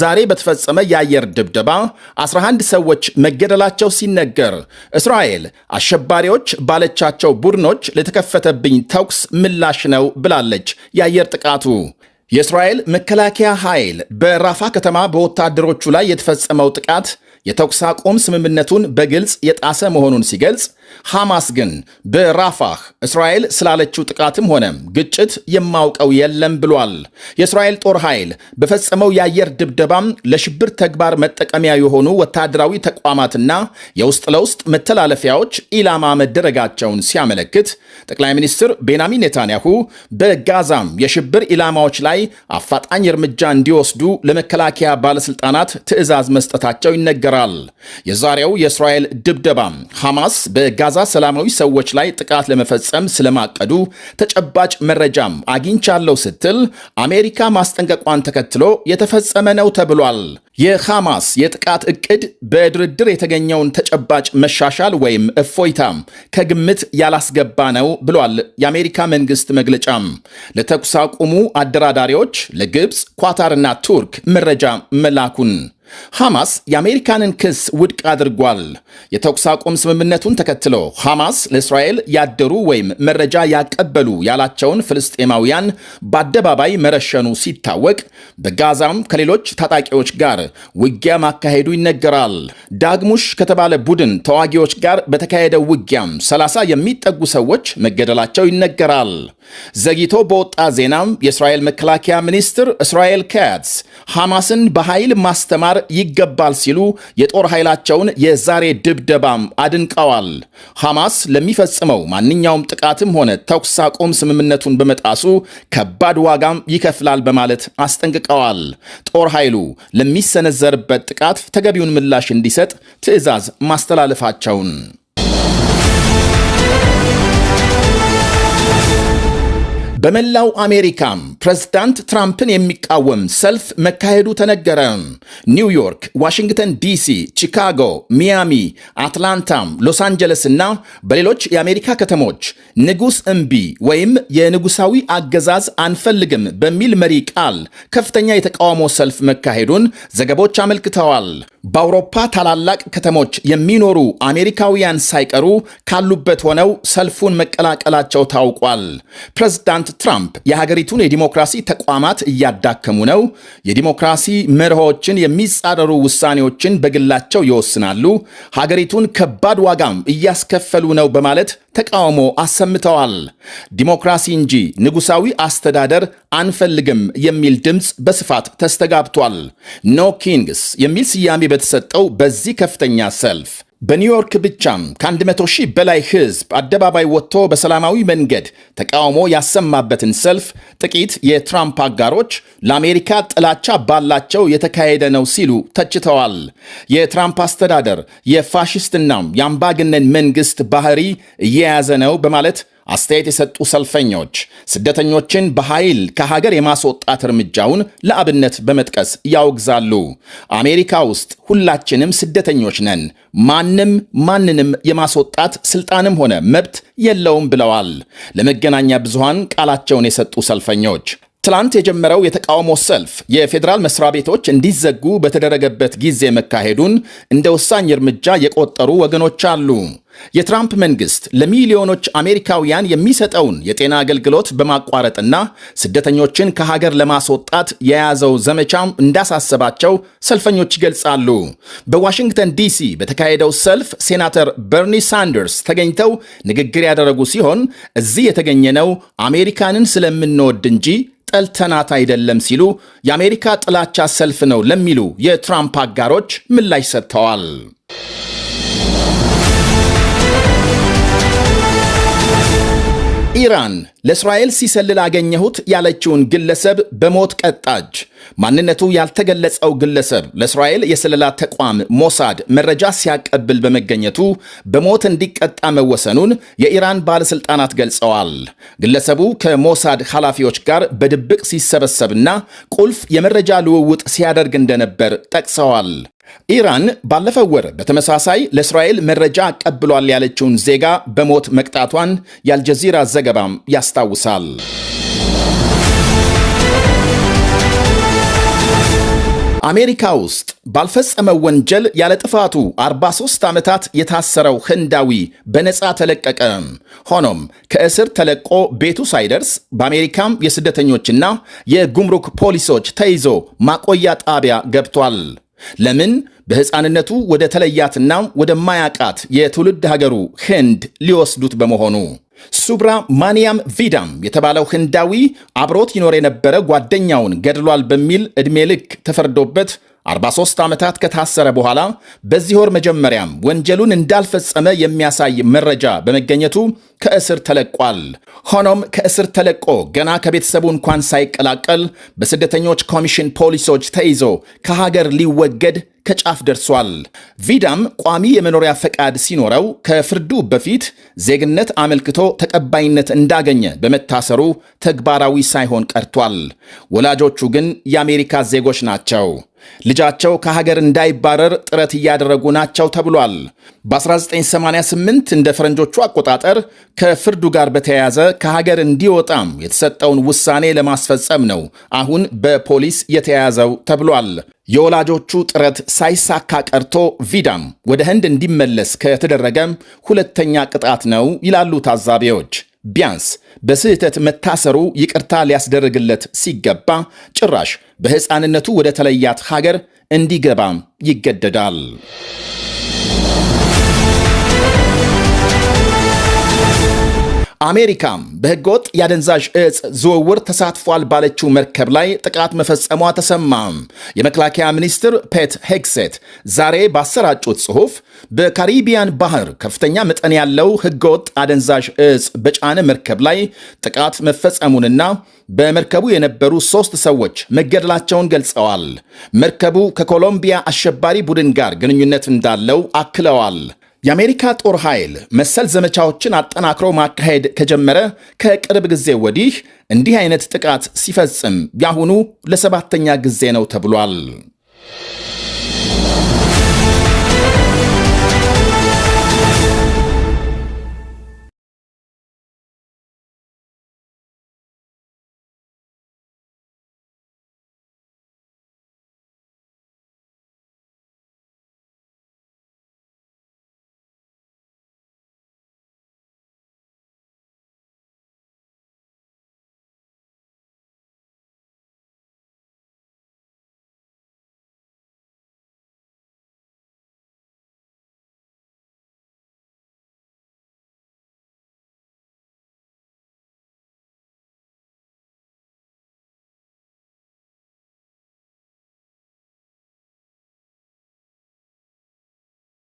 ዛሬ በተፈጸመ የአየር ድብደባ 11 ሰዎች መገደላቸው ሲነገር እስራኤል አሸባሪዎች ባለቻቸው ቡድኖች ለተከፈተብኝ ተኩስ ምላሽ ነው ብላለች። የአየር ጥቃቱ የእስራኤል መከላከያ ኃይል በራፋ ከተማ በወታደሮቹ ላይ የተፈጸመው ጥቃት የተኩስ አቁም ስምምነቱን በግልጽ የጣሰ መሆኑን ሲገልጽ ሐማስ ግን በራፋህ እስራኤል ስላለችው ጥቃትም ሆነ ግጭት የማውቀው የለም ብሏል። የእስራኤል ጦር ኃይል በፈጸመው የአየር ድብደባም ለሽብር ተግባር መጠቀሚያ የሆኑ ወታደራዊ ተቋማትና የውስጥ ለውስጥ መተላለፊያዎች ኢላማ መደረጋቸውን ሲያመለክት ጠቅላይ ሚኒስትር ቤንያሚን ኔታንያሁ በጋዛም የሽብር ኢላማዎች ላይ አፋጣኝ እርምጃ እንዲወስዱ ለመከላከያ ባለስልጣናት ትዕዛዝ መስጠታቸው ይነገራል። የዛሬው የእስራኤል ድብደባም ሐማስ በጋ ጋዛ ሰላማዊ ሰዎች ላይ ጥቃት ለመፈጸም ስለማቀዱ ተጨባጭ መረጃም አግኝቻለሁ ስትል አሜሪካ ማስጠንቀቋን ተከትሎ የተፈጸመ ነው ተብሏል። የሐማስ የጥቃት እቅድ በድርድር የተገኘውን ተጨባጭ መሻሻል ወይም እፎይታ ከግምት ያላስገባ ነው ብሏል የአሜሪካ መንግስት መግለጫም። ለተኩስ አቁሙ አደራዳሪዎች ለግብፅ ኳታርና ቱርክ መረጃ መላኩን ሐማስ የአሜሪካንን ክስ ውድቅ አድርጓል። የተኩስ አቁም ስምምነቱን ተከትሎ ሐማስ ለእስራኤል ያደሩ ወይም መረጃ ያቀበሉ ያላቸውን ፍልስጤማውያን በአደባባይ መረሸኑ ሲታወቅ፣ በጋዛም ከሌሎች ታጣቂዎች ጋር ውጊያ ማካሄዱ ይነገራል። ዳግሙሽ ከተባለ ቡድን ተዋጊዎች ጋር በተካሄደው ውጊያም ሰላሳ የሚጠጉ ሰዎች መገደላቸው ይነገራል። ዘግይቶ በወጣ ዜናም የእስራኤል መከላከያ ሚኒስትር እስራኤል ካትዝ ሐማስን በኃይል ማስተማር ይገባል ሲሉ የጦር ኃይላቸውን የዛሬ ድብደባም አድንቀዋል። ሐማስ ለሚፈጽመው ማንኛውም ጥቃትም ሆነ ተኩስ አቁም ስምምነቱን በመጣሱ ከባድ ዋጋም ይከፍላል በማለት አስጠንቅቀዋል። ጦር ኃይሉ ለሚሰነዘርበት ጥቃት ተገቢውን ምላሽ እንዲሰጥ ትዕዛዝ ማስተላለፋቸውን በመላው አሜሪካም ፕሬዝዳንት ትራምፕን የሚቃወም ሰልፍ መካሄዱ ተነገረ። ኒውዮርክ፣ ዋሽንግተን ዲሲ፣ ቺካጎ፣ ሚያሚ፣ አትላንታ ሎስ አንጀለስ እና በሌሎች የአሜሪካ ከተሞች ንጉስ እምቢ ወይም የንጉሳዊ አገዛዝ አንፈልግም በሚል መሪ ቃል ከፍተኛ የተቃውሞ ሰልፍ መካሄዱን ዘገቦች አመልክተዋል። በአውሮፓ ታላላቅ ከተሞች የሚኖሩ አሜሪካውያን ሳይቀሩ ካሉበት ሆነው ሰልፉን መቀላቀላቸው ታውቋል። ፕሬዝዳንት ትራምፕ የሀገሪቱን የዲሞክራሲ ተቋማት እያዳከሙ ነው፣ የዲሞክራሲ መርሆችን የሚጻረሩ ውሳኔዎችን በግላቸው ይወስናሉ፣ ሀገሪቱን ከባድ ዋጋም እያስከፈሉ ነው በማለት ተቃውሞ አሰምተዋል። ዲሞክራሲ እንጂ ንጉሳዊ አስተዳደር አንፈልግም የሚል ድምፅ በስፋት ተስተጋብቷል። ኖ ኪንግስ የሚል ስያሜ በተሰጠው በዚህ ከፍተኛ ሰልፍ በኒውዮርክ ብቻም ከ100 ሺህ በላይ ህዝብ አደባባይ ወጥቶ በሰላማዊ መንገድ ተቃውሞ ያሰማበትን ሰልፍ ጥቂት የትራምፕ አጋሮች ለአሜሪካ ጥላቻ ባላቸው የተካሄደ ነው ሲሉ ተችተዋል። የትራምፕ አስተዳደር የፋሽስትናም የአምባገነን መንግሥት ባህሪ እየያዘ ነው በማለት አስተያየት የሰጡ ሰልፈኞች ስደተኞችን በኃይል ከሀገር የማስወጣት እርምጃውን ለአብነት በመጥቀስ ያወግዛሉ። አሜሪካ ውስጥ ሁላችንም ስደተኞች ነን፣ ማንም ማንንም የማስወጣት ስልጣንም ሆነ መብት የለውም ብለዋል ለመገናኛ ብዙሃን ቃላቸውን የሰጡ ሰልፈኞች ትላንት የጀመረው የተቃውሞ ሰልፍ የፌዴራል መስሪያ ቤቶች እንዲዘጉ በተደረገበት ጊዜ መካሄዱን እንደ ወሳኝ እርምጃ የቆጠሩ ወገኖች አሉ። የትራምፕ መንግስት ለሚሊዮኖች አሜሪካውያን የሚሰጠውን የጤና አገልግሎት በማቋረጥና ስደተኞችን ከሀገር ለማስወጣት የያዘው ዘመቻም እንዳሳሰባቸው ሰልፈኞች ይገልጻሉ። በዋሽንግተን ዲሲ በተካሄደው ሰልፍ ሴናተር በርኒ ሳንደርስ ተገኝተው ንግግር ያደረጉ ሲሆን እዚህ የተገኘነው አሜሪካንን ስለምንወድ እንጂ ጠልተናት አይደለም ሲሉ የአሜሪካ ጥላቻ ሰልፍ ነው ለሚሉ የትራምፕ አጋሮች ምላሽ ሰጥተዋል። ኢራን ለእስራኤል ሲሰልል አገኘሁት ያለችውን ግለሰብ በሞት ቀጣች። ማንነቱ ያልተገለጸው ግለሰብ ለእስራኤል የስለላ ተቋም ሞሳድ መረጃ ሲያቀብል በመገኘቱ በሞት እንዲቀጣ መወሰኑን የኢራን ባለሥልጣናት ገልጸዋል። ግለሰቡ ከሞሳድ ኃላፊዎች ጋር በድብቅ ሲሰበሰብና ቁልፍ የመረጃ ልውውጥ ሲያደርግ እንደነበር ጠቅሰዋል። ኢራን ባለፈው ወር በተመሳሳይ ለእስራኤል መረጃ ቀብሏል ያለችውን ዜጋ በሞት መቅጣቷን የአልጀዚራ ዘገባም ያስታውሳል። አሜሪካ ውስጥ ባልፈጸመው ወንጀል ያለ ጥፋቱ 43 ዓመታት የታሰረው ህንዳዊ በነፃ ተለቀቀ። ሆኖም ከእስር ተለቆ ቤቱ ሳይደርስ በአሜሪካም የስደተኞችና የጉምሩክ ፖሊሶች ተይዞ ማቆያ ጣቢያ ገብቷል። ለምን በሕፃንነቱ ወደ ተለያትና ወደማያቃት የትውልድ ሀገሩ ህንድ ሊወስዱት በመሆኑ። ሱብራ ማንያም ቪዳም የተባለው ህንዳዊ አብሮት ይኖር የነበረ ጓደኛውን ገድሏል በሚል ዕድሜ ልክ ተፈርዶበት 43 ዓመታት ከታሰረ በኋላ በዚህ ወር መጀመሪያም ወንጀሉን እንዳልፈጸመ የሚያሳይ መረጃ በመገኘቱ ከእስር ተለቋል። ሆኖም ከእስር ተለቆ ገና ከቤተሰቡ እንኳን ሳይቀላቀል በስደተኞች ኮሚሽን ፖሊሶች ተይዞ ከሀገር ሊወገድ ከጫፍ ደርሷል። ቪዳም ቋሚ የመኖሪያ ፈቃድ ሲኖረው ከፍርዱ በፊት ዜግነት አመልክቶ ተቀባይነት እንዳገኘ በመታሰሩ ተግባራዊ ሳይሆን ቀርቷል። ወላጆቹ ግን የአሜሪካ ዜጎች ናቸው። ልጃቸው ከሀገር እንዳይባረር ጥረት እያደረጉ ናቸው ተብሏል። በ1988 እንደ ፈረንጆቹ አቆጣጠር ከፍርዱ ጋር በተያያዘ ከሀገር እንዲወጣም የተሰጠውን ውሳኔ ለማስፈጸም ነው አሁን በፖሊስ የተያያዘው ተብሏል። የወላጆቹ ጥረት ሳይሳካ ቀርቶ ቪዳም ወደ ህንድ እንዲመለስ ከተደረገም ሁለተኛ ቅጣት ነው ይላሉ ታዛቢዎች። ቢያንስ በስህተት መታሰሩ ይቅርታ ሊያስደርግለት ሲገባ ጭራሽ በሕፃንነቱ ወደ ተለያት ሀገር እንዲገባም ይገደዳል። አሜሪካም በህገወጥ የአደንዛዥ እጽ ዝውውር ተሳትፏል ባለችው መርከብ ላይ ጥቃት መፈጸሟ ተሰማ። የመከላከያ ሚኒስትር ፔት ሄግሴት ዛሬ ባሰራጩት ጽሑፍ በካሪቢያን ባህር ከፍተኛ መጠን ያለው ህገወጥ አደንዛዥ እጽ በጫነ መርከብ ላይ ጥቃት መፈጸሙንና በመርከቡ የነበሩ ሦስት ሰዎች መገደላቸውን ገልጸዋል። መርከቡ ከኮሎምቢያ አሸባሪ ቡድን ጋር ግንኙነት እንዳለው አክለዋል። የአሜሪካ ጦር ኃይል መሰል ዘመቻዎችን አጠናክሮ ማካሄድ ከጀመረ ከቅርብ ጊዜ ወዲህ እንዲህ አይነት ጥቃት ሲፈጽም ያሁኑ ለሰባተኛ ጊዜ ነው ተብሏል።